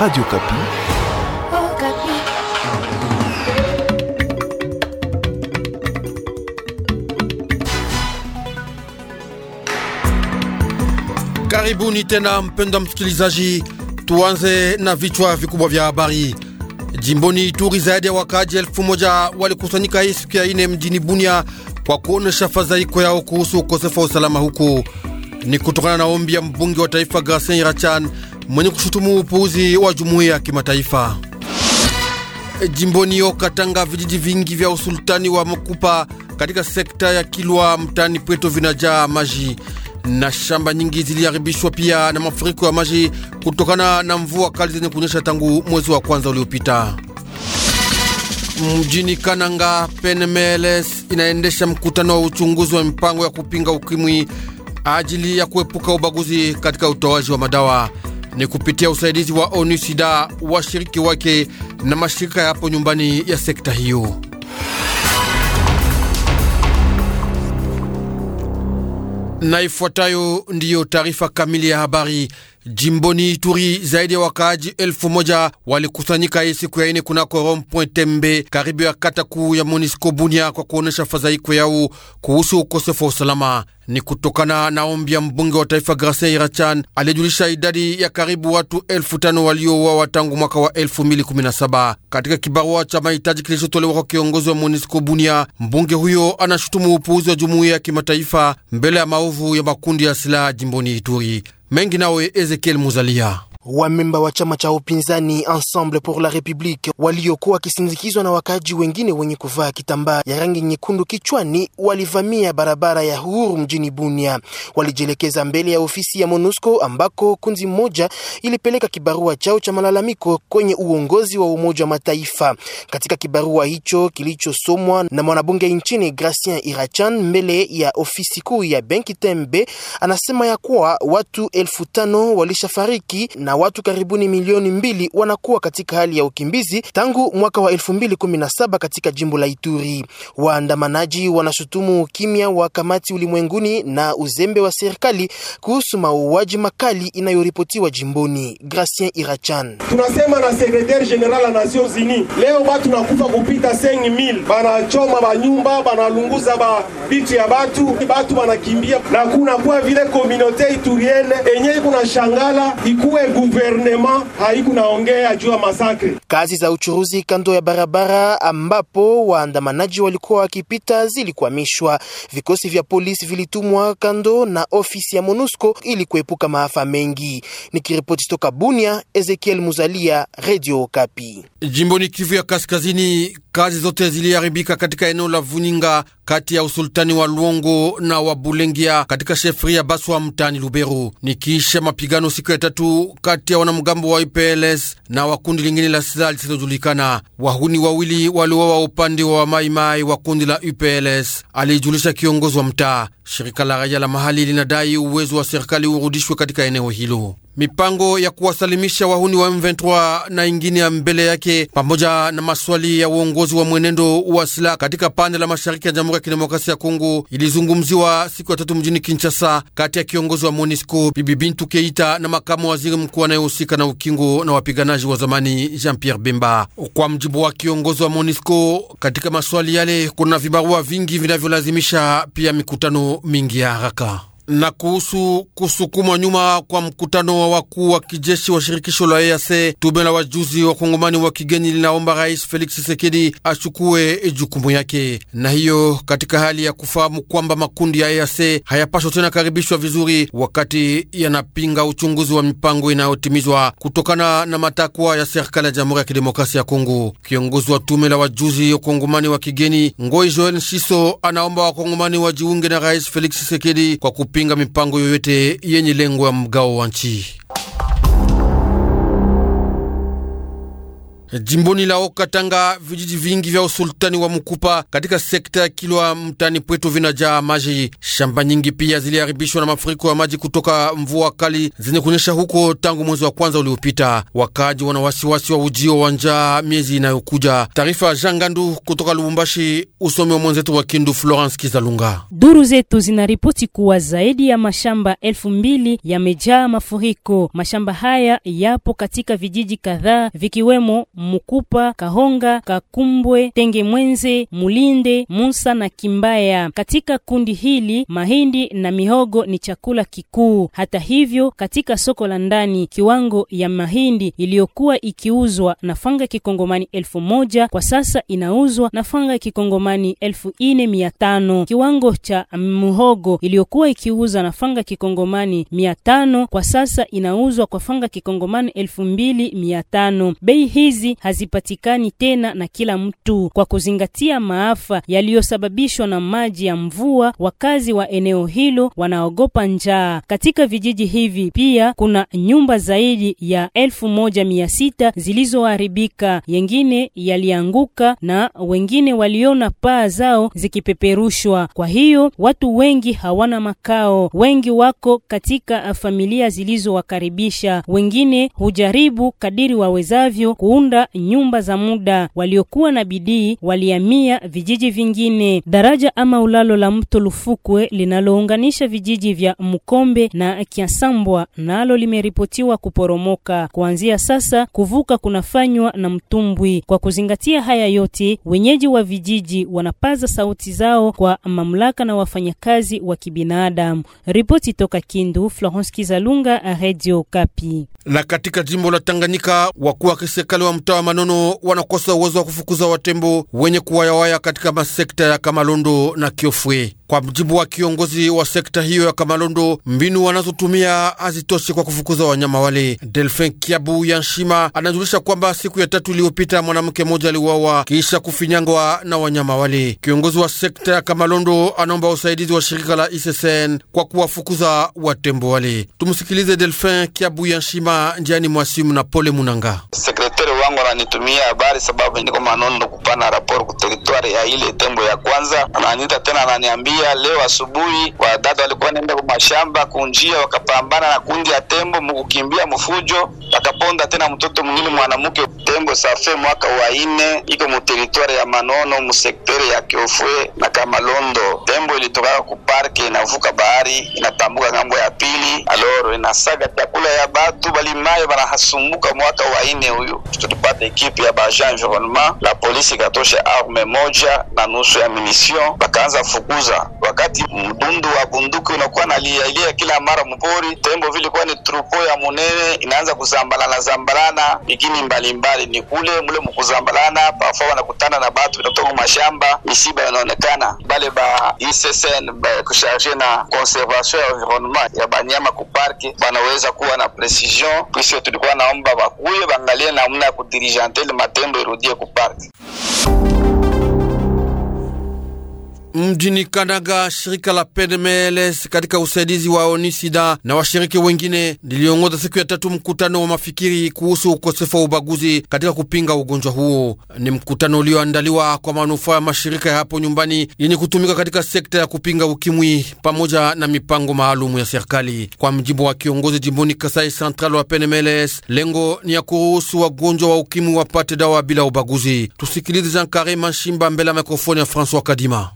Radio Kapi. Oh, Kapi. Karibuni tena mpendwa msikilizaji, tuanze na vichwa vikubwa vya habari. Jimboni Ituri zaidi ya wakaaji elfu moja walikusanyika hii siku ya ine mjini Bunia kwa kuonesha fadhaiko yao kuhusu ukosefu wa usalama huko. Ni kutokana na ombi ya mbunge wa taifa Gasen Irachan mwenye kushutumu upuuzi wa jumuiya ya kimataifa. E, jimboni Okatanga, vijiji vingi vya usultani wa Mkupa katika sekta ya Kilwa mtani Pweto vinajaa maji na shamba nyingi ziliharibishwa pia na mafuriko ya maji kutokana na mvua kali zenye kunyesha tangu mwezi wa kwanza uliopita. Mjini Kananga, PNMLS inaendesha mkutano wa uchunguzi wa mipango ya kupinga ukimwi ajili ya kuepuka ubaguzi katika utoaji wa madawa ni kupitia usaidizi wa ONUSIDA, washiriki wake na mashirika yapo nyumbani ya sekta hiyo. Na ifuatayo ndiyo taarifa kamili ya habari. Jimboni Ituri zaidi ya wakaaji elfu moja walikusanyika hii siku ya ine kunako Rond-Point Tembe karibu ya kata kuu ya Monisco Bunia kwa kuonesha fadhaiko yao kuhusu ukosefu wa usalama. Ni kutokana na ombi ya mbunge wa taifa Gracien Irachan aliyejulisha idadi ya karibu watu elfu tano waliouawa tangu mwaka wa 2017. Katika kibarua cha mahitaji kilichotolewa kwa kiongozi wa Monisco Bunia, mbunge huyo anashutumu upuuzi wa jumuiya ya kimataifa mbele ya maovu ya makundi ya silaha jimboni Ituri mengi nawe Ezekiel Muzalia. Wamemba wa chama cha upinzani Ensemble pour la République waliokuwa wakisindikizwa na wakaaji wengine wenye kuvaa kitambaa ya rangi nyekundu kichwani walivamia barabara ya Uhuru mjini Bunia. Walijielekeza mbele ya ofisi ya MONUSCO ambako kundi moja ilipeleka kibarua chao cha malalamiko kwenye uongozi wa Umoja wa Mataifa. Katika kibarua hicho kilichosomwa na mwanabunge nchini Gracien Irachan mbele ya ofisi kuu ya Benki Tembe, anasema ya kuwa watu elfu tano walishafariki na na watu karibuni milioni mbili wanakuwa katika hali ya ukimbizi tangu mwaka wa 2017 katika jimbo la Ituri. Waandamanaji wanashutumu ukimya wa kamati ulimwenguni na uzembe wa serikali kuhusu mauaji makali inayoripotiwa jimboni. Gracien Irachan: tunasema na sekretari general ya Nations Unies, leo batu nakufa kupita 5000 banachoma banyumba, banalunguza ba vitu ya batu, batu banakimbia na kunakuwa vile komunote ituriene enye kuna shangala ikuwe guvernema haikunaongea juu ya masakre. Kazi za uchuruzi kando ya barabara ambapo waandamanaji walikuwa wakipita zilikwamishwa. Vikosi vya polisi vilitumwa kando na ofisi ya MONUSCO ili kuepuka maafa mengi. Nikiripoti toka Bunia, Ezekiel Muzalia, Radio Kapi. Jimboni Kivu ya Kaskazini Kazi zote ziliharibika katika eneo la Vuninga kati ya usultani wa Luongo na wa Bulengia katika shefri ya Baswa mtani Lubero, ni kisha mapigano siku ya tatu kati ya wanamgambo wa IPLS na wa kundi lingine la silaha lisilojulikana. Wahuni wawili waliwawa upande wa wamaimai wa kundi la UPLS, alijulisha kiongozi wa mtaa. Shirika la raia la mahali linadai uwezo wa serikali urudishwe katika eneo hilo mipango ya kuwasalimisha wahuni wa M23 na ingine ya mbele yake, pamoja na maswali ya uongozi wa mwenendo wa silaha katika pande la mashariki ya Jamhuri ya Kidemokrasia ya Kongo ilizungumziwa siku ya tatu mjini Kinshasa, kati ya kiongozi wa MONUSCO Bibi Bintu Keita na makamu waziri mkuu anayehusika na ukingo na wapiganaji wa zamani Jean Pierre Bemba. Kwa mjibu wa kiongozi wa MONUSCO, katika maswali yale kuna vibarua vingi vinavyolazimisha pia mikutano mingi ya haraka na kuhusu kusukumwa nyuma kwa mkutano wa wakuu wa kijeshi wa shirikisho la EAC, tume la wajuzi wa kongomani wa kigeni linaomba Rais Felix Tshisekedi achukue jukumu yake, na hiyo katika hali ya kufahamu kwamba makundi ya EAC hayapaswa tena karibishwa vizuri wakati yanapinga uchunguzi wa mipango inayotimizwa kutokana na matakwa ya serikali ya Jamhuri ya Kidemokrasia ya Kongo. Kiongozi wa tume la wajuzi wa kongomani wa kigeni Ngoi Joel Nshiso anaomba wakongomani wajiunge na Rais Felix Tshisekedi kwa kupinga mipango yoyote yenye lengo ya mgao wa nchi. Jimboni lao Katanga, vijiji vingi vya usultani wa Mukupa katika sekta ya Kilwa mtani Pweto vinajaa maji. Shamba nyingi pia ziliharibishwa na mafuriko ya maji kutoka mvua kali zenye kunyesha huko tangu mwezi wa kwanza uliopita. wakaji wana wasiwasi wa ujio wa njaa miezi inayokuja. Taarifa ya Jangandu kutoka Lubumbashi, usomi wa mwenzetu wa Kindu Florence Kizalunga. Duru zetu zinaripoti kuwa zaidi ya mashamba elfu mbili yamejaa mafuriko. Mashamba haya yapo katika vijiji kadhaa vikiwemo Mukupa, Kahonga, Kakumbwe, Tenge Mwenze, Mulinde, Musa na Kimbaya. Katika kundi hili mahindi na mihogo ni chakula kikuu. Hata hivyo, katika soko la ndani kiwango ya mahindi iliyokuwa ikiuzwa na fanga kikongomani elfu moja kwa sasa inauzwa na fanga kikongomani elfu ine mia tano. Kiwango cha muhogo iliyokuwa ikiuza na fanga kikongomani mia tano kwa sasa inauzwa kwa fanga kikongomani elfu mbili mia tano. Bei hizi hazipatikani tena na kila mtu. Kwa kuzingatia maafa yaliyosababishwa na maji ya mvua, wakazi wa eneo hilo wanaogopa njaa. Katika vijiji hivi pia kuna nyumba zaidi ya elfu moja mia sita zilizoharibika, yengine yalianguka na wengine waliona paa zao zikipeperushwa. Kwa hiyo watu wengi hawana makao, wengi wako katika familia zilizowakaribisha, wengine hujaribu kadiri wawezavyo kuunda kuunda nyumba za muda. Waliokuwa na bidii walihamia vijiji vingine. Daraja ama ulalo la mto Lufukwe linalounganisha vijiji vya Mkombe na Kiasambwa nalo limeripotiwa kuporomoka. Kuanzia sasa kuvuka kunafanywa na mtumbwi. Kwa kuzingatia haya yote, wenyeji wa vijiji wanapaza sauti zao kwa mamlaka na wafanyakazi wa kibinadamu. Ripoti toka Kindu, Florence Kizalunga, Radio Kapi. Na katika jimbo la Tanganyika, wakuu wa kiserikali wa mtaa wa Manono wanakosa uwezo wa kufukuza watembo wenye kuwayawaya katika masekta ya Kamalondo na Kiofwe. Kwa mjibu wa kiongozi wa sekta hiyo ya Kamalondo, mbinu wanazotumia hazitoshi kwa kufukuza wanyama wale. Delfin Kiabu ya Nshima anajulisha kwamba siku ya tatu iliyopita mwanamke mmoja aliuawa kisha kufinyangwa na wanyama wale. Kiongozi wa sekta ya Kamalondo anaomba usaidizi wa shirika la ISSN kwa kuwafukuza watembo wale. Tumsikilize Delfin Kiabu ya Nshima njiani mwasimu na Pole Munanga Sekretari wangu ananitumia habari sababu niko Manono kupana rapor ku teritwari ya ile tembo ya kwanza. Ananiita tena ananiambia leo asubuhi wadada walikuwa naenda kwa mashamba kunjia, wakapambana na kundi ya tembo mkukimbia mfujo, wakaponda tena mtoto mwingine mwanamke tembo. Safe mwaka wa ine iko mu teritwari ya Manono musekteri ya Kiofwe na Kamalondo tembo inatokaka kuparke inavuka bahari inatambuka ngambo ya pili, aloro inasaga chakula ya batu balimayo banahasumbuka. Mwaka wa ine huyu tulipata ekipe ya baja environnement la polisi ikatosha arme moja na nusu ya munition, bakaanza fukuza. Wakati mdundu wa bunduki unakuwa nalialia kila mara mpori tembo vile, kuwa ni trupo ya munene inaanza kuzambalana zambalana mikini mbalimbali, ni kule mule mukuzambalana, pafa wanakutana na batu inatoka mashamba, misiba inaonekana bale ba ICC concern kusharge na conservation ya environnement ya banyama parke banaweza kuwa na precision. Kisio tulikuwa naomba bakuye bangalie namna ya kudirigente ile matendo irudie kuparke. mjini Kanaga, shirika la PDMLS katika usaidizi wa Onisida na washiriki wengine liliongoza siku ya tatu mkutano wa mafikiri kuhusu ukosefu wa ubaguzi katika kupinga ugonjwa huo. Ni mkutano ulioandaliwa kwa manufaa ya mashirika ya hapo nyumbani yenye kutumika katika sekta ya kupinga ukimwi pamoja na mipango maalumu ya serikali. Kwa mjimbo wa kiongozi jimboni Kasai Central wa PDMLS, lengo ni ya kuruhusu wagonjwa wa ukimwi wapate dawa bila ubaguzi. Tusikilize Jean Kare Mashimba mbele ya mikrofoni ya François Kadima.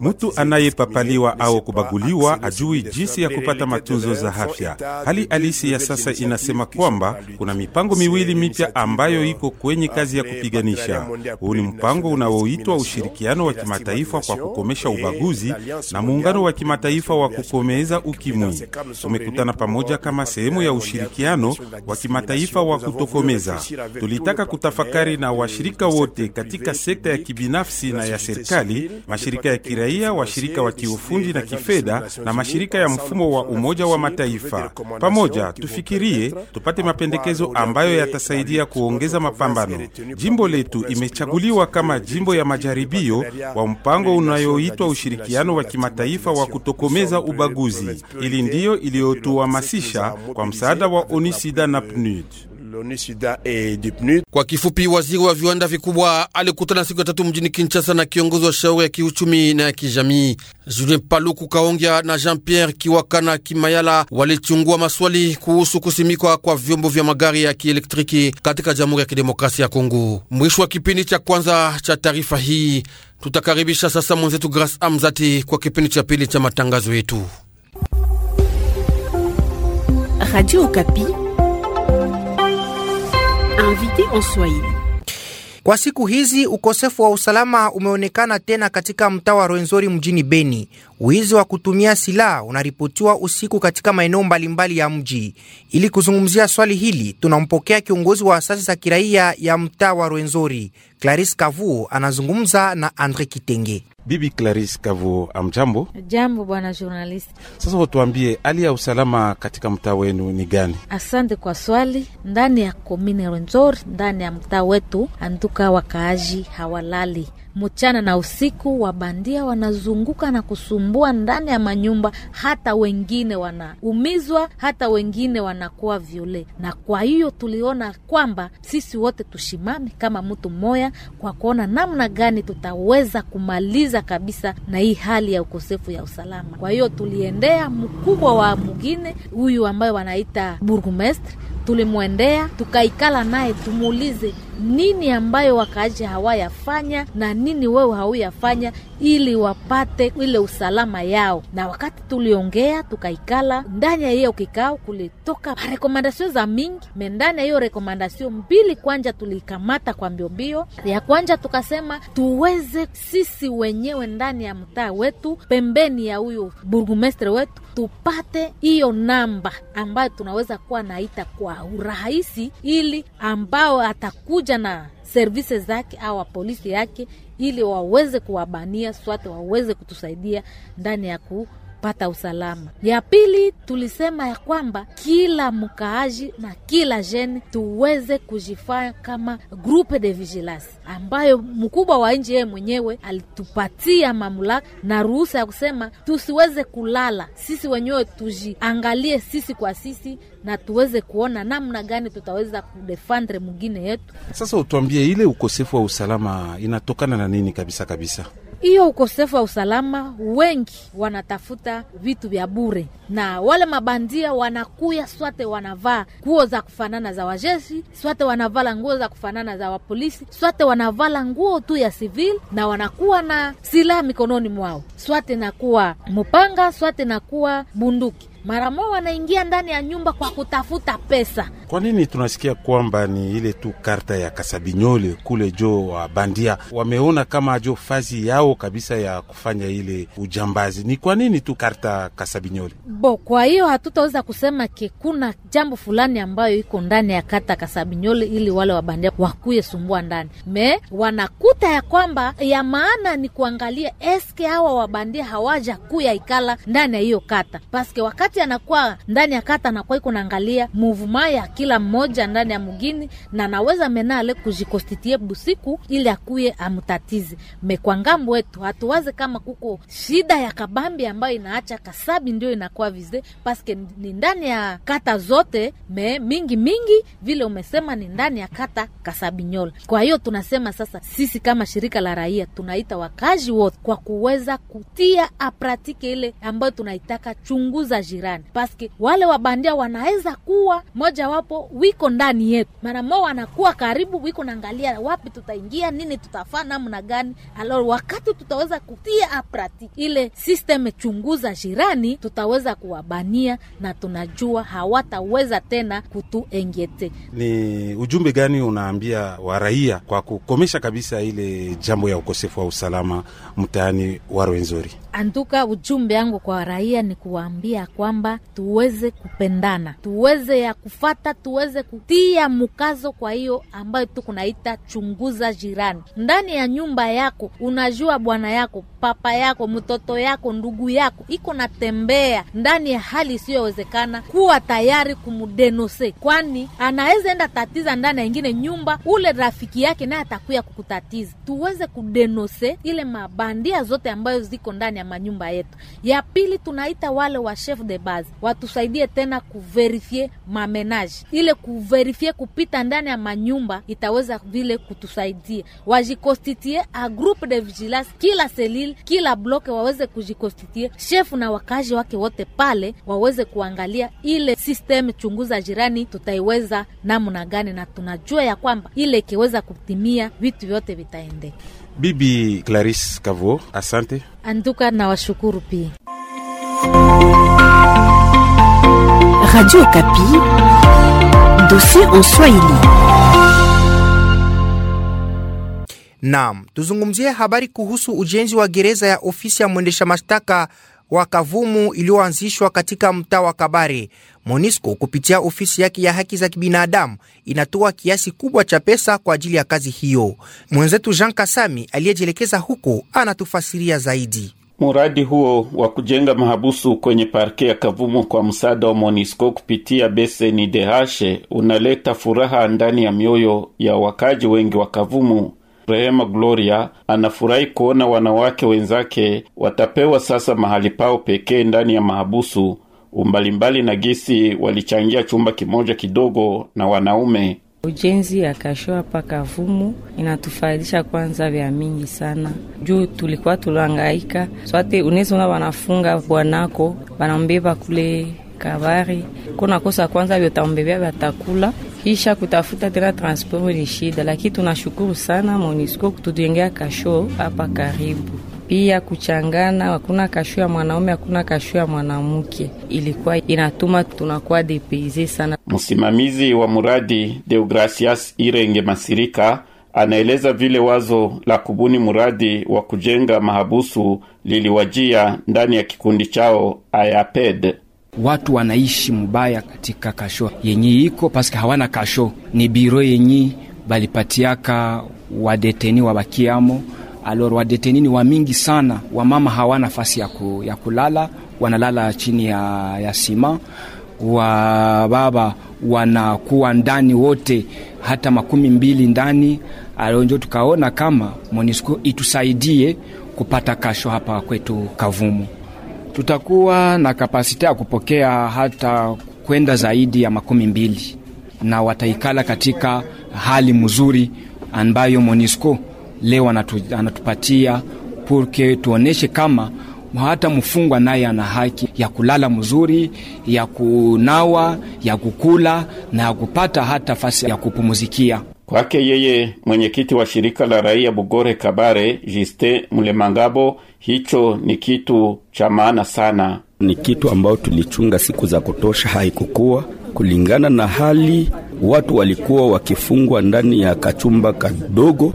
Mtu anayepapaliwa au kubaguliwa ajui jinsi ya kupata matunzo za afya. Hali halisi ya sasa inasema kwamba kuna mipango miwili mipya ambayo euh, iko kwenye kazi ya kupiganisha. Huu ni mpango unaoitwa ushirikiano wa kimataifa kwa kukomesha ubaguzi na muungano wa kimataifa wa kukomeza ukimwi. Tumekutana pamoja kama sehemu ya ushirikiano wa kimataifa wa kutokomeza. Tulitaka kutafakari na washirika wote katika sekta ya kibinafsi na ya serikali mashirika ya kiraia, washirika wa kiufundi na kifedha na mashirika ya mfumo wa Umoja wa Mataifa. Pamoja tufikirie, tupate mapendekezo ambayo yatasaidia kuongeza mapambano. Jimbo letu imechaguliwa kama jimbo ya majaribio wa mpango unayoitwa ushirikiano wa kimataifa wa kutokomeza ubaguzi. Ili ndiyo iliyotuhamasisha kwa msaada wa Onisida na PNUD. Kwa kifupi, waziri wa viwanda vikubwa alikutana siku ya tatu mjini Kinshasa na kiongozi wa shauri ya kiuchumi na ya kijamii Julien Paluku Kaongya na Jean Pierre Kiwaka na Kimayala walichungua maswali kuhusu kusimikwa kwa vyombo vya magari ya kielektriki katika Jamhuri ya Kidemokrasia ya Kongo. Mwisho wa kipindi cha kwanza cha taarifa hii, tutakaribisha sasa mwenzetu gras Amzati kwa kipindi cha pili cha matangazo yetu Radio Okapi. Invité en Swahili. Kwa siku hizi ukosefu wa usalama umeonekana tena katika mtaa wa Rwenzori mjini Beni. Wizi wa kutumia silaha unaripotiwa usiku katika maeneo mbalimbali ya mji. Ili kuzungumzia swali hili, tunampokea kiongozi wa asasi za kiraia ya mtaa wa Rwenzori, Clarice Kavuo, anazungumza na Andre Kitenge. Bibi Clarice Kavuo, amjambo. Jambo bwana journalist. Sasa watuambie hali ya usalama katika mtaa wenu ni gani? Asante kwa swali. Ndani ya komine Rwenzori, ndani ya mtaa wetu, anduka wakaaji hawalali mchana na usiku, wabandia wanazunguka na kusumbua ndani ya manyumba, hata wengine wanaumizwa, hata wengine wanakuwa viole. Na kwa hiyo tuliona kwamba sisi wote tushimame kama mtu mmoya kwa kuona namna gani tutaweza kumaliza kabisa na hii hali ya ukosefu ya usalama. Kwa hiyo tuliendea mkubwa wa mwingine huyu ambayo wanaita burgumestre, tulimwendea tukaikala naye tumuulize nini ambayo wakaaji hawayafanya na nini wewe hauyafanya ili wapate ile usalama yao. Na wakati tuliongea tukaikala ndani ya hiyo kikao, kulitoka rekomandasio za mingi me ndani ya hiyo rekomandasio mbili kwanja tulikamata kwa mbiombio. Ya kwanja tukasema tuweze sisi wenyewe ndani ya mtaa wetu pembeni ya huyu burgumestre wetu tupate hiyo namba ambayo tunaweza kuwa naita kwa urahisi, ili ambao atakuja pamoja na services zake au polisi yake, ili waweze kuwabania swate waweze kutusaidia ndani ya ku kupata usalama. Ya pili, tulisema ya kwamba kila mkaaji na kila jeni tuweze kujifanya kama grupe de vigilance, ambayo mkubwa wa nji yeye mwenyewe alitupatia mamlaka na ruhusa ya kusema tusiweze kulala sisi wenyewe, tujiangalie sisi kwa sisi na tuweze kuona namna gani tutaweza kudefendre mwingine yetu. Sasa utuambie, ile ukosefu wa usalama inatokana na nini kabisa kabisa? hiyo ukosefu wa usalama, wengi wanatafuta vitu vya bure, na wale mabandia wanakuya swate, wanavaa nguo za kufanana za wajeshi, swate wanavala nguo za kufanana za wapolisi, swate wanavala nguo tu ya sivili, na wanakuwa na silaha mikononi mwao, swate nakuwa mupanga, swate nakuwa bunduki mara moja wanaingia ndani ya nyumba kwa kutafuta pesa. Kwa nini tunasikia kwamba ni ile tu karta ya Kasabinyole kule jo wa bandia wameona kama jo fazi yao kabisa ya kufanya ile ujambazi? Ni kwa nini tu karta Kasabinyole bo? Kwa hiyo hatutaweza kusema ke kuna jambo fulani ambayo iko ndani ya karta Kasabinyole ili wale wabandia wakuye sumbua ndani me wanakuta ya kwamba ya maana ni kuangalia eske hawa wabandia hawaja kuya ikala ndani ya hiyo kata paske wakati wakati anakuwa ndani ya kata, anakuwa iko naangalia muvuma ya kila mmoja ndani ya mugini, na naweza menale kujikostitie busiku ili akuye amutatize mekwa ngambo yetu. Hatuwaze kama kuko shida ya kabambi ambayo inaacha kasabi ndio inakuwa vize, paske ni ndani ya kata zote me mingi mingi vile umesema ni ndani ya kata kasabi nyola. Kwa hiyo tunasema sasa sisi kama shirika la raia tunaita wakazi wote kwa kuweza kutia apratike ile ambayo tunaitaka chunguza jirani jirani, paske wale wabandia wanaweza kuwa mojawapo wiko ndani yetu, mara mo wanakuwa karibu, wiko naangalia wapi tutaingia, nini tutafaa, namna gani, alo wakati tutaweza kutia aprati ile system chunguza jirani, tutaweza kuwabania na tunajua hawataweza tena kutuengete. Ni ujumbe gani unaambia waraia kwa kukomesha kabisa ile jambo ya ukosefu wa usalama mtaani wa Rwenzori? Anduka, ujumbe yangu kwa raia ni kuwaambia kwamba tuweze kupendana, tuweze ya kufata, tuweze kutia mkazo kwa hiyo ambayo tu kunaita chunguza jirani ndani ya nyumba yako. Unajua bwana yako papa yako, mtoto yako, ndugu yako iko natembea ndani ya hali isiyowezekana, kuwa tayari kumdenose, kwani anaweza enda tatiza ndani ya ingine nyumba, ule rafiki yake naye atakuya kukutatiza. Tuweze kudenose ile mabandia zote ambayo ziko ndani ya manyumba yetu. Ya pili, tunaita wale wa chef de base watusaidie tena kuverifie mamenaji, ile kuverifie kupita ndani ya manyumba itaweza vile kutusaidia, wajikostitie a groupe de vigilance kila selile kila bloke waweze kujikonstitue shefu na wakazi wake wote pale waweze kuangalia ile system chunguza jirani tutaiweza namna gani, na tunajua ya kwamba ile ikiweza kutimia vitu vyote vitaendeka. Bibi Clarisse Kavo, asante anduka na washukuru pia Radio Kapi, dossier en Swahili. Naam, tuzungumzie habari kuhusu ujenzi wa gereza ya ofisi ya mwendesha mashtaka wa Kavumu iliyoanzishwa katika mtaa wa Kabare. monisco kupitia ofisi yake ya haki za kibinadamu inatoa kiasi kubwa cha pesa kwa ajili ya kazi hiyo. Mwenzetu Jean Kasami aliyejielekeza huko anatufasiria zaidi. Mradi huo wa kujenga mahabusu kwenye parke ya Kavumu kwa msaada wa monisco kupitia beseni dehashe unaleta furaha ndani ya mioyo ya wakaji wengi wa Kavumu Rehema Gloria anafurahi kuona wanawake wenzake watapewa sasa mahali pao pekee ndani ya mahabusu umbalimbali na gisi walichangia chumba kimoja kidogo na wanaume. Ujenzi ya kashoa hapa inatufaidisha kwanza vya mingi sana, juu tulikuwa tulangaika swate. unezona wanafunga bwanako wanambeba kule kabari, kunakosa kwanza vyotaombevya vyatakula kisha kutafuta tena transport ni shida, lakini tunashukuru sana MONUSCO kutujengea kasho hapa karibu pia kuchangana, hakuna kasho ya mwanaume, hakuna kasho ya mwanamke, ilikuwa inatuma tunakuwa depeze sana. Msimamizi wa muradi Deogracias Irenge Masirika anaeleza vile wazo la kubuni muradi wa kujenga mahabusu liliwajia ndani ya kikundi chao Ayaped watu wanaishi mubaya katika kasho yenye iko paske hawana kasho, ni biro yenye balipatiaka wadeteni wa bakiamo. Alor, wadeteni ni wamingi sana, wamama hawana nafasi ya, ku, ya kulala, wanalala chini ya, ya sima. Wa baba wanakuwa ndani wote hata makumi mbili ndani. Alonjo tukaona kama Monisco itusaidie kupata kasho hapa kwetu Kavumu tutakuwa na kapasite ya kupokea hata kwenda zaidi ya makumi mbili, na wataikala katika hali mzuri ambayo Monisco leo anatu, anatupatia purke tuoneshe kama hata mfungwa naye ana haki ya kulala mzuri, ya kunawa, ya kukula na ya kupata hata fasi ya kupumuzikia. Kwake yeye mwenyekiti wa shirika la raia Bugore Kabare Jiste Mlemangabo, hicho ni kitu cha maana sana, ni kitu ambayo tulichunga siku za kutosha. Haikukuwa kulingana na hali, watu walikuwa wakifungwa ndani ya kachumba kadogo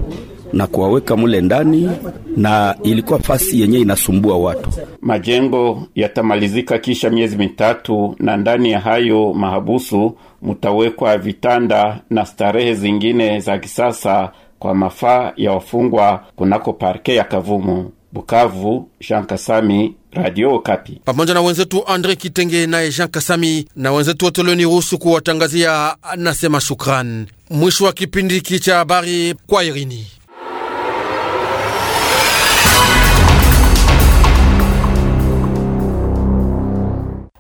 na kuwaweka mule ndani, na ilikuwa fasi yenye inasumbua watu. Majengo yatamalizika kisha miezi mitatu, na ndani ya hayo mahabusu mutawekwa vitanda na starehe zingine za kisasa kwa mafaa ya wafungwa kunako parke ya Kavumu. Bukavu, Jean Kasami, Radio Kapi, pamoja na wenzetu Andre Kitenge naye Jean Kasami na wenzetu wote ruhusu kuwatangazia, nasema shukrani. Mwisho wa kipindi hiki cha habari kwa Irini.